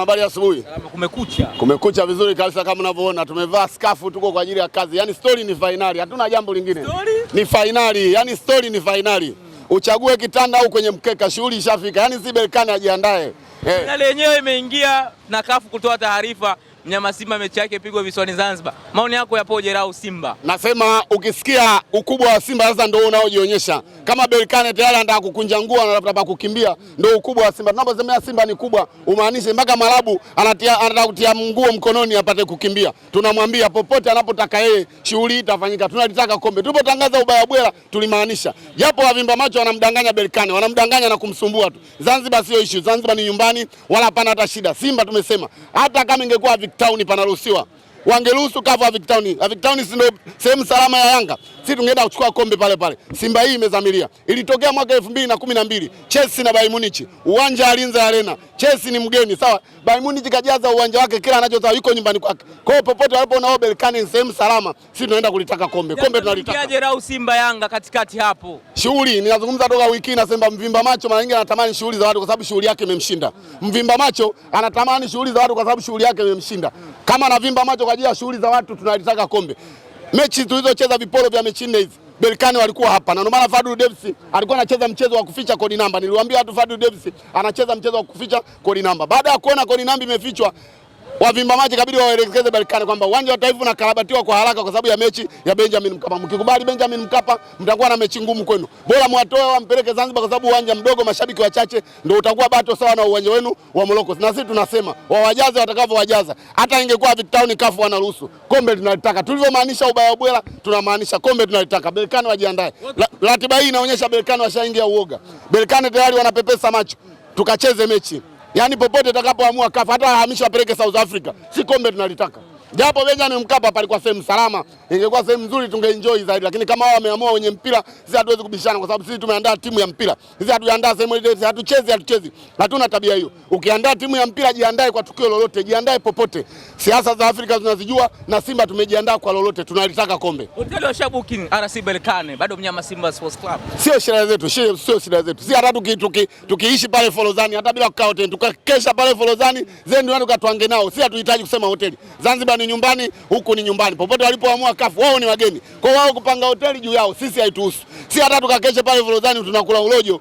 habari asubuhi. Salama, kumekucha. Kumekucha vizuri kabisa kama unavyoona tumevaa skafu tuko kwa ajili ya kazi. Yaani story ni fainali, hatuna jambo lingine. Story? Ni fainali, yaani story ni fainali. Hmm. Uchague kitanda au kwenye mkeka, shughuli ishafika. Yaani si Berkane ajiandae. Eh. Finali yenyewe imeingia na kafu kutoa taarifa mnyama Simba mechi yake pigwa visiwani Zanzibar. Maoni yako yapoje Rau Simba? Nasema ukisikia ukubwa wa Simba sasa ndio unaojionyesha kama Berkane tayari anataka kukunja nguo na labda kukimbia, ndio ukubwa wa Simba. Tunaposemea Simba ni kubwa, umaanishe mpaka Malabu anataka kutia nguo mkononi apate kukimbia. Tunamwambia popote anapotaka yeye, shughuli itafanyika. Tunalitaka kombe. Tulipotangaza ubaya bwela tulimaanisha, japo wavimba macho wanamdanganya Berkane, wanamdanganya na kumsumbua tu. Zanzibar sio issue. Zanzibar ni nyumbani, wala hapana hata shida. Simba tume amesema hata kama ingekuwa Town panaruhusiwa wangeruhusu kafu Avic Town. Avic ah, Town si ndio sehemu salama ya Yanga? Sisi tungeenda kuchukua kombe pale pale. Simba hii imezamilia. Ilitokea mwaka 2012 Chelsea na Bayern Munich, uwanja wa Linza Arena. Chelsea ni mgeni, sawa. Bayern Munich kajaza uwanja wake kila anachotaka, yuko nyumbani kwake. Kwa hiyo popote walipo na Obel Berkane sehemu salama, sisi tunaenda kulitaka kombe. Kombe tunalitaka. Kiaje rau Simba Yanga katikati hapo. Shughuli ninazungumza toka wiki na nasema mvimba macho mara nyingi anatamani shughuli za watu kwa sababu shughuli yake imemshinda. Mvimba macho anatamani shughuli za watu kwa sababu shughuli yake imemshinda. Kama anavimba macho kwa ajili ya shughuli za watu, tunalitaka kombe. Mechi tulizocheza viporo vya mechi nne hizi Berkane walikuwa hapa na ndio maana Fadlu Davis alikuwa anacheza mchezo wa kuficha kodi namba. Niliwaambia watu Fadlu Davis anacheza mchezo wa kuficha kodi namba. Baada ya kuona kodi namba imefichwa, Wavimba maji kabidi waelekeze Berkane kwamba uwanja wa Taifa unakarabatiwa kwa haraka kwa sababu ya mechi ya Benjamin Mkapa. Mkikubali Benjamin Mkapa, mtakuwa na mechi ngumu kwenu. Bora mwatoe wampeleke Zanzibar, kwa sababu uwanja mdogo, mashabiki wachache, ndio utakuwa bado sawa na uwanja wenu wa Morocco. Na sisi tunasema wawajaze watakavyowajaza, hata ingekuwa Victoria ni kafu wanaruhusu kombe tunalitaka. Tulivyomaanisha ubaya bwela, tunamaanisha kombe tunalitaka. Berkane wajiandae, ratiba hii inaonyesha Berkane washaingia uoga. Berkane tayari wanapepesa macho, tukacheze mechi Yaani popote atakapoamua kafa hata ahamisha apeleke South Africa. Si kombe tunalitaka japo Benjamin Mkapa palikuwa sehemu salama, ingekuwa sehemu nzuri, tungeenjoy zaidi, lakini kama wao wameamua wenye mpira, sisi hatuwezi kubishana, kwa sababu sisi tumeandaa timu ya mpira. Sisi hatuandaa sehemu ile, sisi hatuchezi, hatuchezi, hatuna tabia hiyo. Ukiandaa timu ya mpira, jiandae kwa tukio lolote, jiandae popote. Siasa za Afrika tunazijua, na Simba tumejiandaa kwa lolote, tunalitaka kombe. Hoteli washa booking RC Berkane, bado mnyama Simba Sports Club. Sio shida zetu, sio shida zetu. Sisi hata tukiishi tuki pale Forodhani, hata bila kukaa hoteli, tukakesha pale Forodhani, zenu ndio tukatwange nao. Sisi hatuhitaji kusema hoteli Zanzibar ni nyumbani, huku ni nyumbani. Popote walipoamua kafu, wao ni wageni kwao, wao kupanga hoteli juu yao, sisi haituhusu. Si hata tukakeshe pale Forodhani tunakula ulojo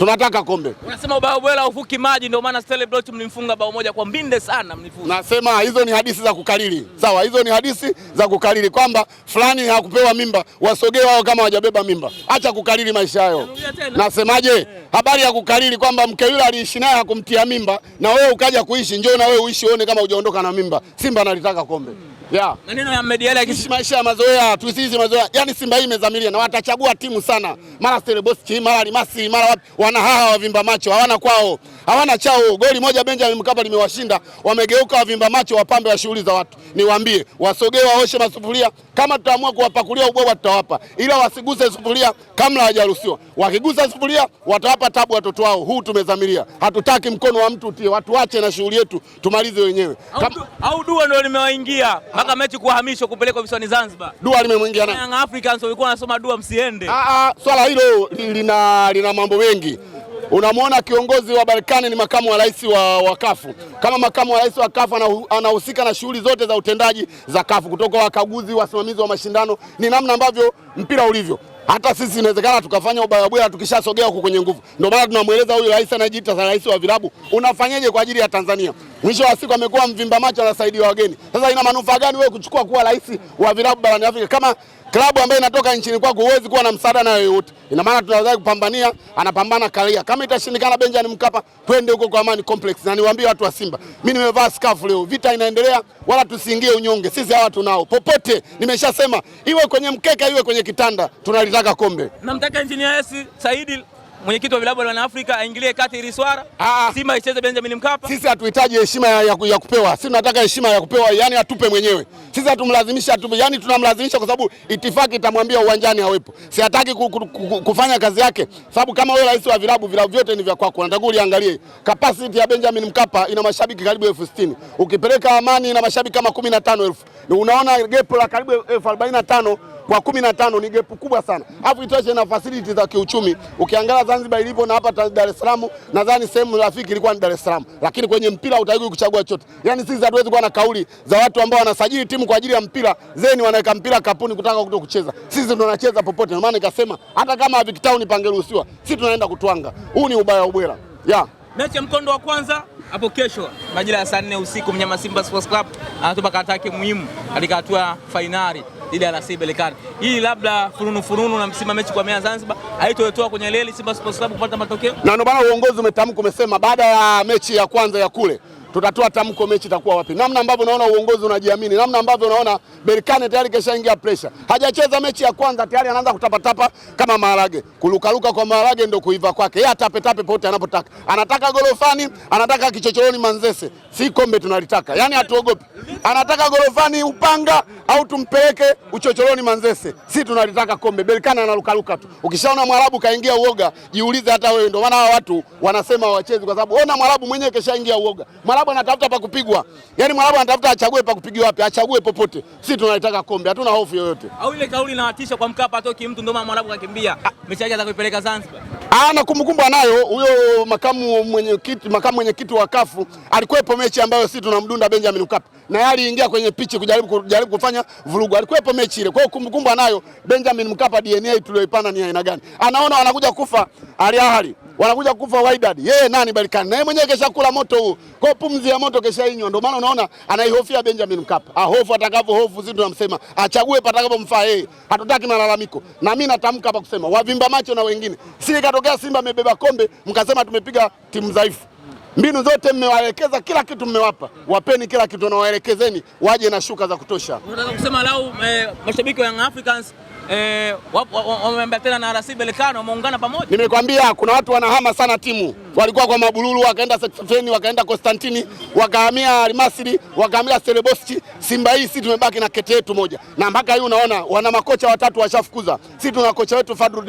tunataka kombe. Unasema ubao bwela ufuki maji, ndio maana celebrate mlimfunga bao moja kwa mbinde sana mlifunga. Nasema hizo ni hadithi za kukalili mm. Sawa, hizo ni hadithi za kukalili kwamba fulani hakupewa mimba, wasogee wao kama hawajabeba mimba. Acha kukariri maisha yao. Nasemaje? yeah. habari ya kukariri kwamba mke yule aliishi naye hakumtia mimba na wewe ukaja kuishi, njoo na wewe uishi uone kama hujaondoka na mimba. Simba analitaka kombe mm. Yeah. Maneno ya Mediela kisi maisha ya mazoea, tusizi mazoea. Yaani Simba hii imezamilia na watachagua timu sana. Mara Stellenbosch, mara Limasi, mara wapi. Wanahaha wavimba macho, hawana kwao hawana chao. Goli moja Benjamin Mkapa limewashinda, wamegeuka wavimba macho, wapambe wa shughuli za watu. Niwaambie wasogee, waoshe masufuria. Kama tutaamua kuwapakulia ubwabwa, tutawapa, ila wasiguse sufuria kamla hawajaruhusiwa. Wakigusa sufuria, watawapa tabu watoto wao. Huu tumezamilia, hatutaki mkono wa mtu utie. Watu wache na shughuli yetu, tumalize wenyewe. Kam... Au dua ndio limewaingia mpaka mechi kuhamishwa kupelekwa visiwani Zanzibar. Dua limemwingia nani? Africans walikuwa wanasoma dua, msiende. Ah, ah, swala hilo lina, lina mambo mengi Unamwona kiongozi wa Balkani ni makamu wa rais wa, wa kafu. Kama makamu wa rais wa kafu anahusika na shughuli zote za utendaji za kafu, kutoka wakaguzi, wasimamizi wa mashindano, ni namna ambavyo mpira ulivyo. Hata sisi inawezekana tukafanya ubaya bwela tukishasogea huko kwenye nguvu. Ndio maana tunamweleza huyu rais anayejiita rais wa vilabu, unafanyeje kwa ajili ya Tanzania? Mwisho wa siku amekuwa mvimba macho, anasaidia wageni. Sasa ina manufaa gani wewe kuchukua kuwa rais wa vilabu barani Afrika kama klabu ambayo inatoka nchini kwako huwezi kuwa na msaada nayo yote. Ina maana tunaweza kupambania, anapambana kalia Kama itashindikana Benjamin Mkapa, twende huko kwa Amani Complex, na niwaambie watu wa Simba, mimi nimevaa skafu leo, vita inaendelea, wala tusiingie unyonge. Sisi hawa tunao popote, nimeshasema iwe kwenye mkeka, iwe kwenye kitanda, tunalitaka kombe. Namtaka injinia Saidi mwenyekiti wa vilabu vya Afrika aingilie kati ili swala ah, ah. Simba icheze Benjamin Mkapa. Sisi hatuhitaji heshima ya, ya, ya kupewa, sisi tunataka heshima ya kupewa, yani atupe mwenyewe. Sisi hatumlazimisha atupe, yani tunamlazimisha kwa sababu itifaki itamwambia uwanjani hawepo. Si hataki ku, ku, ku, ku, kufanya kazi yake, sababu kama wewe rais wa vilabu, vilabu vyote ni vya kwako, nataka uliangalie capacity ya Benjamin Mkapa ina mashabiki karibu elfu sitini ukipeleka Amani ina mashabiki kama 15,000. unaona gepo la karibu elfu arobaini na tano kwa kumi na tano ni gepu kubwa sana, alafu itoshe na facility za kiuchumi. Ukiangalia Zanzibar ilivyo na hapa Dar es Salaam, nadhani sehemu rafiki ilikuwa ni Dar es Salaam, lakini kwenye mpira utaki kuchagua chote. Yani sisi hatuwezi kuwa na kauli za watu ambao wanasajili timu kwa ajili ya mpira zeni, wanaweka mpira kapuni kutaka kuto kucheza. Sisi tunacheza popote, ndio maana nikasema hata kama Vic Town pangeruhusiwa, sisi tunaenda kutwanga. Huu ni ubaya ubwela yeah. Mechi ya mkondo wa kwanza hapo kesho majira ya saa nne usiku, mnyama Simba Sports Club anatupa kataki muhimu katika hatua fainali dhidi ya RC Berkane. Hii labda fununu fununu na msima mechi kwa mea Zanzibar haitoetoa kwenye leli Simba Sports Club kupata matokeo, na ndio bana, uongozi umetamka umesema baada ya mechi ya kwanza ya kule tutatoa tamko mechi itakuwa wapi, namna ambavyo unaona uongozi unajiamini, namna ambavyo unaona Berkane tayari keshaingia pressure. Hajacheza mechi ya kwanza tayari anaanza kutapatapa kama maharage, kulukaluka kwa maharage ndio kuiva kwake, yeye atapetape pote anapotaka, anataka gorofani, anataka kichochoroni Manzese, si kombe tunalitaka, yani hatuogopi. Anataka gorofani Upanga au tumpeleke uchochoroni Manzese, si tunalitaka kombe. Berkane analukaluka tu, ukishaona Mwarabu kaingia uoga, jiulize hata wewe. Ndio maana hawa watu wanasema wachezi, kwa sababu ona Mwarabu mwenyewe keshaingia uoga Marabu Mwarabu anatafuta pa kupigwa. Yaani Mwarabu anatafuta achague pa kupigwa wapi, achague popote. Sisi tunalitaka kombe, hatuna hofu yoyote. Au ile kauli inahatisha kwa Mkapa atoki mtu ndio Mwarabu akakimbia. Mechi yake atakuipeleka Zanzibar. Ah, na kumbukumbu anayo huyo makamu mwenyekiti makamu mwenyekiti wa kafu alikuwepo mechi ambayo sisi tunamdunda Benjamin Mkapa. Na yali ingia kwenye pichi kujaribu kujaribu kufanya vurugu. Alikuwepo mechi ile. Kwa hiyo kumbukumbu anayo Benjamin Mkapa, DNA tuliyoipana ni aina gani? Anaona wanakuja kufa Al Ahly wanakuja kufa Wydad. Yeye nani Berkane? Naye mwenyewe kesha kula moto huu, kwa pumzi ya moto kesha inywa. Ndio maana unaona anaihofia Benjamin Mkapa, ahofu ah, hofu, Sisi tunamsema achague patakapomfaa yeye, hatutaki malalamiko. Na mimi natamka hapa kusema wavimba macho na wengine, si ikatokea Simba amebeba kombe mkasema tumepiga timu dhaifu mbinu zote mmewaelekeza, kila kitu mmewapa. Wapeni kila kitu nawaelekezeni waje na shuka za kutosha. Unataka kusema lau eh, mashabiki wa Young Africans eh, na Berkane wameungana pamoja. Nimekwambia kuna watu wanahama sana timu hmm. Walikuwa kwa Mabululu wakaenda Sekfeni wakaenda Konstantini wakahamia almasri wakahamia Selebosti. Simba hii si tumebaki na kete yetu moja, na mpaka hii unaona wana makocha watatu washafukuza, si tuna kocha wetu Fadru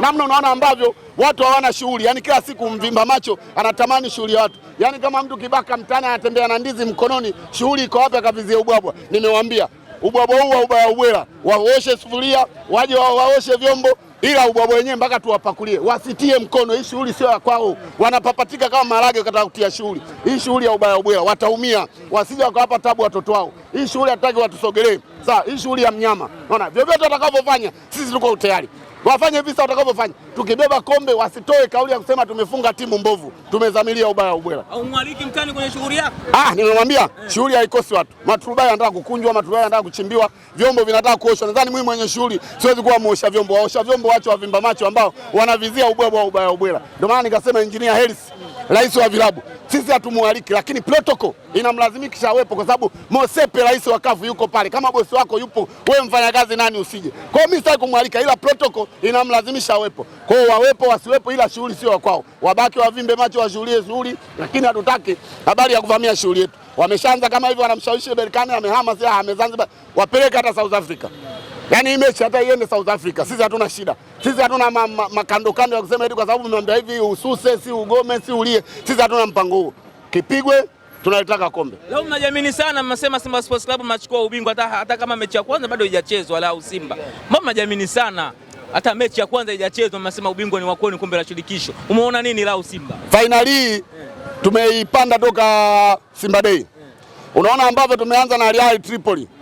Namna unaona ambavyo watu hawana shughuli, yani kila siku mvimba macho anatamani shughuli ya watu, yani kama mtu kibaka mtani anatembea na ndizi mkononi, shughuli iko wapi? Akavizia ubwabwa. Nimewambia ubwabwa ubaya ubwela, waoshe sufuria, waje waoshe vyombo, ila ubwabwa wenyewe mpaka tuwapakulie, wasitie mkono. Hii shughuli sio ya kwao, wanapapatika kama marage katika kutia shughuli hii. Shughuli ya ubaya ubwela, wataumia, wasije wakawapa tabu watoto wao. Hii shughuli hatutaki watusogelee. Sawa, hii shughuli ya mnyama, naona vyovyote watakavyofanya, sisi tuko tayari wafanye visa watakavyofanya. Tukibeba kombe, wasitoe kauli ya kusema tumefunga timu mbovu, tumezamilia ubaya ubwela. mwaliki mtani kwenye shughuli yako? Ah, nimemwambia eh, shughuli haikosi watu. Maturubai anataka kukunjwa, maturubai anataka kuchimbiwa, vyombo vinataka kuoshwa. Nadhani mimi mwenye shughuli siwezi kuwa muosha vyombo. Waosha vyombo wacho wavimba macho ambao wanavizia ubwebwa ubaya ubwela. Ndio maana nikasema Injinia Hersi, rais wa vilabu sisi hatumwaliki lakini protocol inamlazimikisha awepo, kwa sababu Mosepe rais wa kafu yuko pale. Kama bosi wako yupo, wewe mfanyakazi, nani usije? Kwa hiyo mimi sitaki kumwalika, ila protocol inamlazimisha awepo. Kwa hiyo wawepo wasiwepo, ila shughuli sio kwao, wabaki wavimbe macho, washughulie shughuli, lakini hatutaki habari ya kuvamia shughuli yetu. Wameshaanza kama hivyo, wanamshawishi Berkane amehama, si Zanzibar, wapeleke hata South Africa. Yaani hii mechi hata iende South Africa, sisi hatuna shida. Sisi hatuna makando kando ya kusema eti kwa sababu mmeambia hivi ususe, si ugome, si ulie. Sisi hatuna mpango huo, kipigwe tunalitaka kombe. Leo mnajiamini sana, mnasema Simba Sports Club machukua ubingwa, hata, hata kama mechi ya kwanza bado haijachezwa la Simba mbona mnajiamini sana? Hata mechi ya kwanza haijachezwa mnasema ubingwa ni wako, ni kombe la shirikisho. Umeona nini la Simba Finali Yeah. Tumeipanda toka Simba Day. Yeah. Unaona ambavyo tumeanza na Real Tripoli Yeah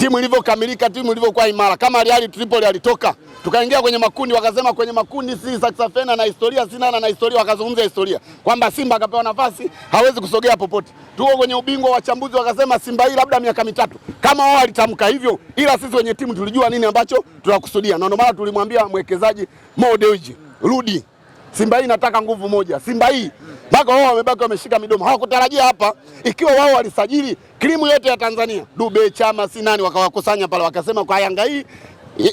timu ilivyokamilika, timu ilivyokuwa imara. Kama Real Tripoli alitoka tukaingia kwenye makundi, wakasema kwenye makundi si saksafena na historia sina na historia, wakazungumza historia kwamba Simba akapewa nafasi hawezi kusogea popote, tuko kwenye ubingwa. Wachambuzi wakasema Simba hii labda miaka mitatu, kama wao walitamka hivyo, ila sisi wenye timu tulijua nini ambacho tunakusudia, na ndio maana tulimwambia mwekezaji Mo Dewji, rudi Simba hii inataka nguvu moja. Simba hii mpaka wao wamebaki wameshika midomo, hawakutarajia hapa. Ikiwa wao walisajili Krimu yote ya Tanzania, Dube Chama si nani, wakawakusanya pale, wakasema kwa Yanga hii,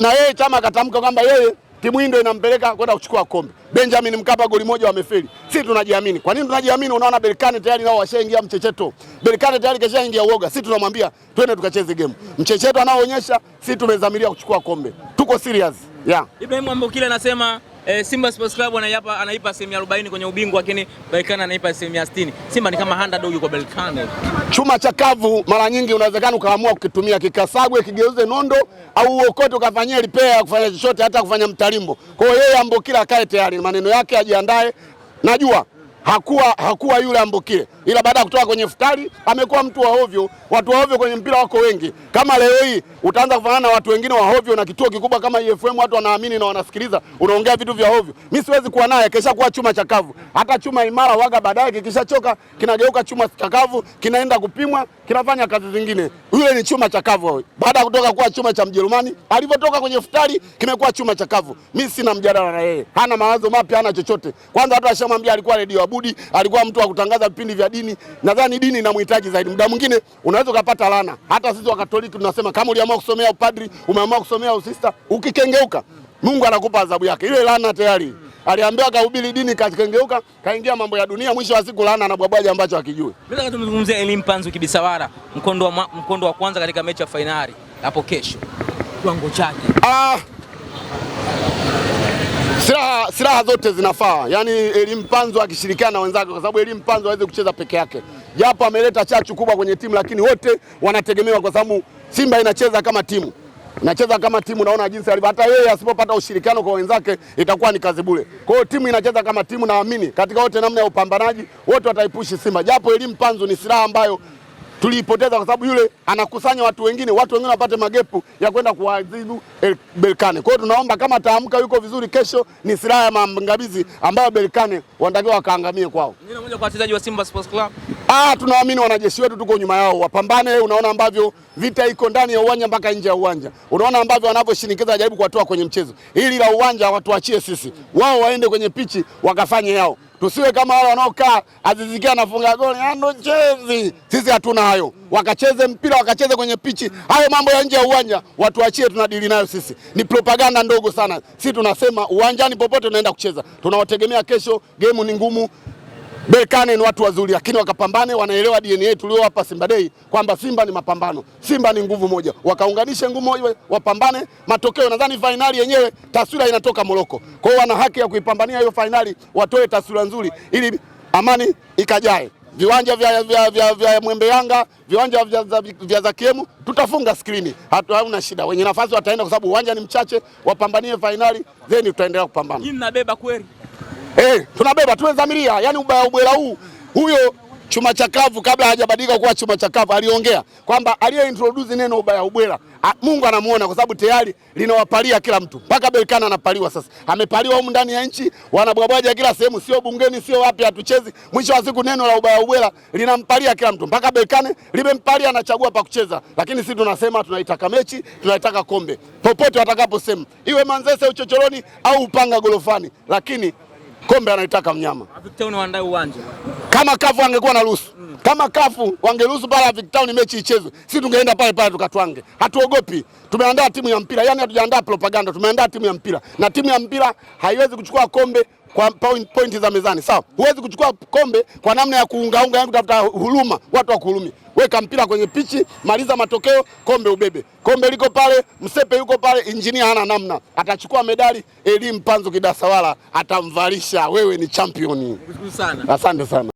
na yeye Chama akatamka kwamba yeye timu hii ndio inampeleka kwenda kuchukua kombe. Benjamin Mkapa goli moja wamefeli. Sisi tunajiamini. Kwa nini tunajiamini? Unaona Berkane tayari nao washaingia mchecheto. Berkane tayari kashaingia uoga. Sisi tunamwambia twende tukacheze game. Mchecheto anaoonyesha, sisi tumezamiria kuchukua kombe. Tuko serious. Yeah. Ibrahim Ambokile anasema e, Simba Sports Club anaipa anaipa asilimia 40 kwenye ubingwa, lakini Berkane anaipa asilimia 60. Simba ni kama underdog kwa Berkane. Chuma cha kavu mara nyingi unawezekana ukaamua kukitumia kikasagwe, kigeuze nondo au uokote ukafanyia repair, kufanya chochote, hata kufanya mtalimbo. Kwa hiyo yeye ambo kila akae tayari, maneno yake ajiandae, najua hakuwa, hakuwa yule ambokile, ila baada ya kutoka kwenye futari amekuwa mtu wa ovyo. Watu wa ovyo kwenye mpira wako wengi, kama leo hii utaanza kufanana na watu wengine wa ovyo na kituo kikubwa kama EFM, watu wanaamini na wanasikiliza, unaongea vitu vya ovyo. Mimi siwezi kuwa naye, kesha kuwa chuma chakavu. Hata chuma imara waga, baadaye kikishachoka kinageuka chuma chakavu, kinaenda kupimwa, kinafanya kazi zingine. Yule ni chuma cha kavu. Baada ya kutoka kuwa chuma cha Mjerumani, alivyotoka kwenye futari kimekuwa chuma cha kavu. Mimi sina mjadala na yeye, hana mawazo mapya, hana chochote. Kwanza watu washamwambia alikuwa redio abudi, alikuwa mtu wa kutangaza vipindi vya dini. Nadhani dini inamhitaji zaidi. Muda mwingine unaweza ukapata lana. Hata sisi wa Katoliki tunasema kama uliamua kusomea upadri, umeamua kusomea usista, ukikengeuka Mungu anakupa adhabu yake. Ile lana tayari aliambiwa kahubiri dini, kakengeuka, kaingia mambo ya dunia, mwisho wa siku laana na bwabwaja ambacho hakijui. Mimi kati tumzungumzie Elim Panzu Kibisawara, mkondo wa, mkondo wa kwanza katika mechi ya fainali hapo kesho, kiwango chake ah, silaha, silaha zote zinafaa, yaani Elim Panzu akishirikiana na wenzake, kwa sababu Elim Panzu hawezi kucheza peke yake, japo ameleta chachu kubwa kwenye timu, lakini wote wanategemewa kwa sababu Simba inacheza kama timu nacheza kama timu, naona jinsi alivyo. Hata yeye asipopata ushirikiano kwa wenzake itakuwa ni kazi bure. Kwa hiyo timu inacheza kama timu, naamini katika wote namna ya upambanaji wote wataipushi Simba, japo elimu panzu ni silaha ambayo tuliipoteza kwa sababu yule anakusanya watu wengine, watu wengine wapate magepu ya kwenda kuadhibu Berkane. Kwa hiyo tunaomba kama ataamka yuko vizuri, kesho ni silaha ya maangamizi ambayo Berkane wanatakiwa wakaangamie kwao. Neno moja kwa wachezaji wa Simba Sports Club. Ah, tunaamini wanajeshi wetu tuko nyuma yao, wapambane. Unaona ambavyo vita iko ndani ya uwanja mpaka nje ya uwanja, unaona ambavyo wanavyoshinikiza wajaribu kuwatoa kwenye mchezo. Hili la uwanja watuachie sisi, wao waende kwenye pichi wakafanye yao, tusiwe kama wale wanaokaa azizikia anafunga goli ando ah, chezi. Sisi hatuna hayo, wakacheze mpira wakacheze kwenye pichi. Hayo mambo ya nje ya uwanja watuachie, tunadili nayo sisi, ni propaganda ndogo sana. Sisi tunasema uwanjani popote unaenda kucheza, tunawategemea kesho, gemu ni ngumu Berkane ni watu wazuri, lakini wakapambane, wanaelewa DNA tuliowapa Simba Day kwamba Simba ni mapambano, Simba ni nguvu moja, wakaunganishe nguvu moja, wapambane. Matokeo nadhani fainali yenyewe taswira inatoka Moroko, kwa hiyo wana haki ya kuipambania hiyo fainali, watoe taswira nzuri ili amani ikajae viwanja vya, vya, vya, vya Mwembe Yanga, viwanja vya, vya, vya Zakiemu, tutafunga skrini, hatuna shida. Wenye nafasi wataenda kwa sababu uwanja ni mchache, wapambanie fainali, then tutaendelea kupambana. Mnabeba kweli eh, tunabeba tumezamiria, yani ubaya ubwela huu huyo chuma chakavu kabla hajabadilika kuwa chuma chakavu aliongea kwamba aliyeintroduce neno ubaya ubwela Mungu anamuona kwa sababu tayari linawapalia kila mtu, mpaka Belkana anapaliwa sasa. Amepaliwa huko ndani ya nchi, wanabwabwaja kila sehemu, sio bungeni, sio wapi, hatuchezi. Mwisho wa siku neno la ubaya ubwela linampalia kila mtu, mpaka Belkane limempalia, anachagua pa kucheza. Lakini sisi tunasema tunaitaka mechi, tunaitaka kombe popote watakaposema, iwe Manzese uchochoroni au Upanga gorofani, lakini kombe anaitaka mnyama. Victown waandae uwanja. Kama kafu angekuwa na ruhusa mm. Kama kafu wangeruhusu pale Victown mechi ichezwe, si tungeenda pale pale tukatwange. Hatuogopi, tumeandaa timu ya mpira. Yani hatujaandaa propaganda, tumeandaa timu ya mpira, na timu ya mpira haiwezi kuchukua kombe kwa point, point za mezani sawa. Huwezi kuchukua kombe kwa namna ya kuungaunga, yani kutafuta huruma, watu wakuhurumia. Weka mpira kwenye pichi, maliza matokeo, kombe ubebe. Kombe liko pale, Msepe yuko pale, injinia hana namna, atachukua medali. Elimu Panzo Kidasawala atamvalisha, wewe ni champion. Asante sana.